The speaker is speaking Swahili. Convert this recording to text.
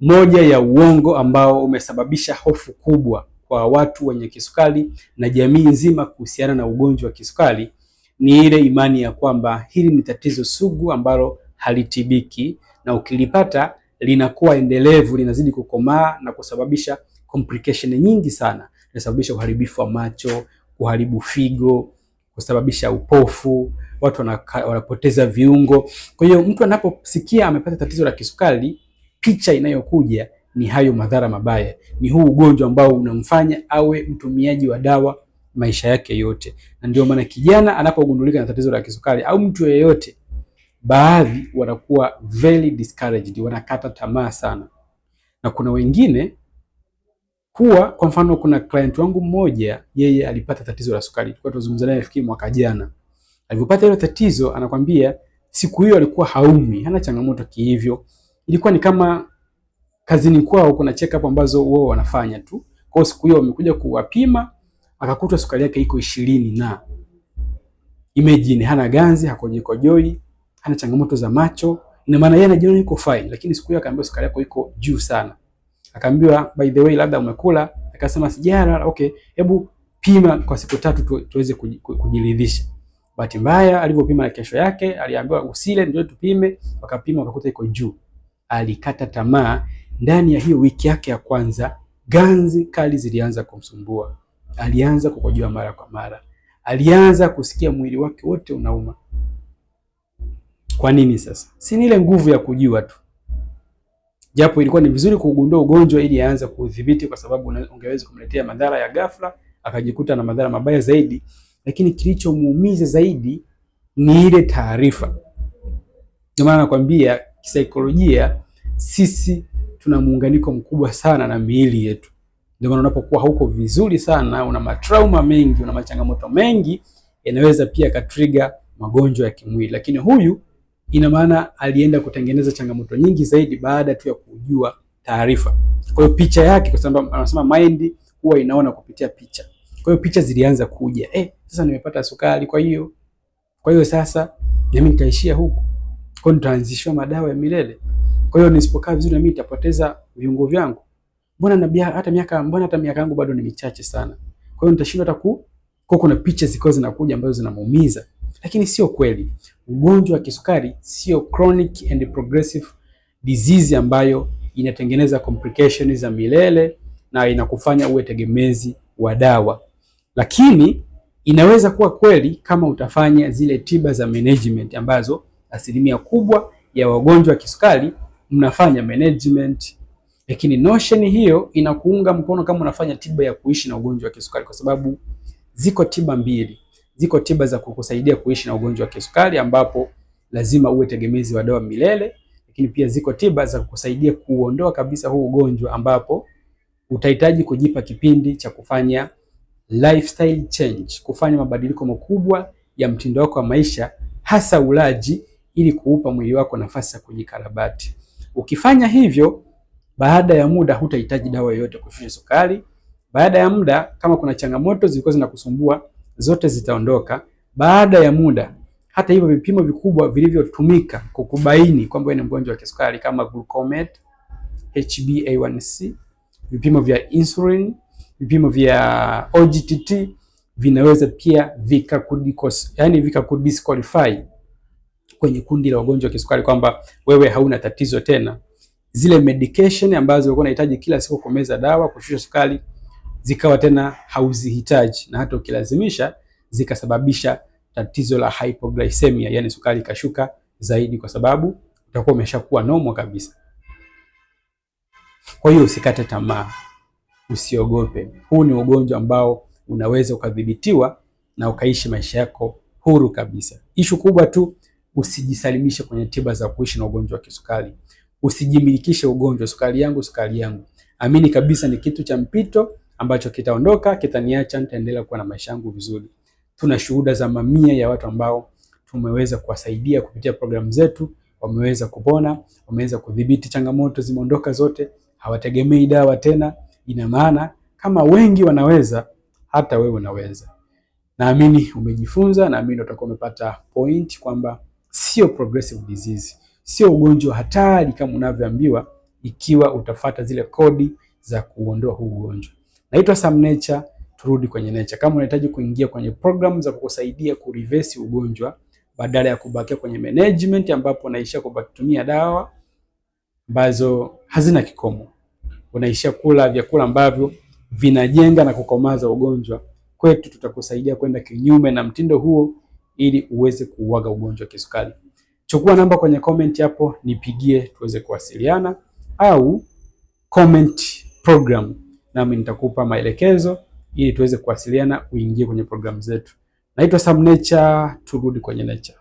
moja ya uongo ambao umesababisha hofu kubwa kwa watu wenye kisukari na jamii nzima kuhusiana na ugonjwa wa kisukari ni ile imani ya kwamba hili ni tatizo sugu ambalo halitibiki na ukilipata linakuwa endelevu, linazidi kukomaa na kusababisha complication nyingi sana. Inasababisha uharibifu wa macho, kuharibu figo, kusababisha upofu, watu wanapoteza viungo. Kwa hiyo mtu anaposikia amepata tatizo la kisukari picha inayokuja ni hayo madhara mabaya, ni huu ugonjwa ambao unamfanya awe mtumiaji wa dawa maisha yake yote. Na ndio maana kijana anapogundulika na tatizo la kisukari au mtu yeyote, baadhi wanakuwa very discouraged, wanakata tamaa sana, na kuna wengine huwa, kwa mfano, kuna client wangu mmoja, yeye alipata tatizo la sukari, tulikuwa tunazungumza naye nafikiri mwaka jana. Alipopata hilo tatizo, anakwambia siku hiyo alikuwa haumwi, hana changamoto kihivyo ilikuwa ni kama kazini kwao kuna check up ambazo wao wanafanya tu. Kwa hiyo siku hiyo wamekuja kuwapima, akakutwa sukari yake iko ishirini na imagine, hana ganzi, hakojikojoi, hana changamoto za macho, ina maana yeye anajiona yuko fine, lakini siku hiyo akaambiwa sukari yako iko juu sana. Akaambiwa by the way, labda umekula? Akasema sijara. Okay, hebu pima kwa siku tatu tu, tuweze kujiridhisha. Bahati mbaya alivyopima na kesho yake aliambiwa usile, ndio tupime, wakapima wakakuta iko juu alikata tamaa. Ndani ya hiyo wiki yake ya kwanza, ganzi kali zilianza kumsumbua. Alianza kukojoa mara kwa mara, alianza kusikia mwili wake wote unauma. Kwa nini? Sasa si ni ile nguvu ya kujua tu, japo ilikuwa ni vizuri kugundua ugonjwa ili aanze kuudhibiti, kwa sababu ungeweza kumletea madhara ya ghafla, akajikuta na madhara mabaya zaidi. Lakini kilichomuumiza zaidi ni ile taarifa. Ndio maana nakwambia kisaikolojia sisi tuna muunganiko mkubwa sana na miili yetu. Ndio maana unapokuwa hauko vizuri sana, una matrauma mengi, una machangamoto mengi, yanaweza pia katriga magonjwa ya kimwili. Lakini huyu ina maana alienda kutengeneza changamoto nyingi zaidi baada tu ya kujua taarifa. Kwa hiyo picha yake, kwa sababu anasema mind huwa inaona kupitia picha. Kwa hiyo picha zilianza kuja, eh, sasa nimepata sukari, kwa hiyo kwa hiyo sasa nami nikaishia huku. Kwa hiyo nitaanzishwa madawa ya milele. Kwa hiyo nisipokaa vizuri na mimi nitapoteza viungo vyangu. Mbona na hata miaka mbona hata miaka yangu bado ni michache sana. Kwa hiyo nitashindwa hata ku kwa kuna picha ziko zinakuja ambazo zinamuumiza. Lakini sio kweli. Ugonjwa wa kisukari sio chronic and progressive disease ambayo inatengeneza complications za milele na inakufanya uwe tegemezi wa dawa. Lakini inaweza kuwa kweli kama utafanya zile tiba za management ambazo asilimia kubwa ya wagonjwa wa kisukari mnafanya management, lakini notion hiyo inakuunga mkono kama unafanya tiba ya kuishi na ugonjwa wa kisukari, kwa sababu ziko tiba mbili. Ziko tiba za kukusaidia kuishi na ugonjwa wa kisukari ambapo lazima uwe tegemezi wa dawa milele, lakini pia ziko tiba za kukusaidia kuondoa kabisa huu ugonjwa ambapo utahitaji kujipa kipindi cha kufanya lifestyle change, kufanya mabadiliko makubwa ya mtindo wako wa maisha, hasa ulaji ili kuupa mwili wako nafasi ya kujikarabati. Ukifanya hivyo, baada ya muda hutahitaji dawa yoyote kushusha sukari. Baada ya muda, kama kuna changamoto zilikuwa zinakusumbua zote zitaondoka baada ya muda. Hata hivyo, vipimo vikubwa vilivyotumika kukubaini kwamba wewe ni mgonjwa wa kisukari kama glucomet, HbA1c, vipimo vya insulin, vipimo vya OGTT vinaweza pia vikakudisqualify, yani vikakudisqualify kwenye kundi la ugonjwa wa kisukari kwamba wewe hauna tatizo tena, zile medication ambazo ulikuwa unahitaji kila siku kumeza dawa kushusha sukari zikawa tena hauzihitaji, na hata ukilazimisha zikasababisha tatizo la hypoglycemia, yani sukari ikashuka zaidi, kwa sababu utakuwa umeshakuwa normal kabisa. Kwa hiyo usikate tamaa, usiogope. Huu ni ugonjwa ambao unaweza ukadhibitiwa na ukaishi maisha yako huru kabisa. Ishu kubwa tu usijisalimishe kwenye tiba za kuishi na ugonjwa wa kisukari. Usijimilikishe ugonjwa sukari yangu, sukari yangu. Amini kabisa ni kitu cha mpito ambacho kitaondoka, kitaniacha, nitaendelea kuwa na maisha yangu vizuri. Tuna shuhuda za mamia ya watu ambao tumeweza kuwasaidia kupitia programu zetu, wameweza kupona, wameweza kudhibiti changamoto, zimeondoka zote, hawategemei dawa tena. Ina maana kama wengi wanaweza, hata wewe unaweza. Naamini umejifunza, naamini utakuwa umepata point kwamba sio progressive disease, sio ugonjwa hatari kama unavyoambiwa, ikiwa utafata zile kodi za kuondoa huu ugonjwa. Naitwa Sam Nature, turudi kwenye nature. Kama unahitaji kuingia kwenye program za kukusaidia reverse ugonjwa badala ya kubakia kwenye management ambapo unaishia kutumia dawa ambazo hazina kikomo, unaishia kula vyakula ambavyo vinajenga na kukomaza ugonjwa, kwetu tutakusaidia kwenda kinyume na mtindo huo ili uweze kuuaga ugonjwa wa kisukari. Chukua namba kwenye comment hapo, nipigie tuweze kuwasiliana, au comment program, nami nitakupa maelekezo ili tuweze kuwasiliana, uingie kwenye programu zetu. Naitwa Sam Nature, turudi kwenye nature.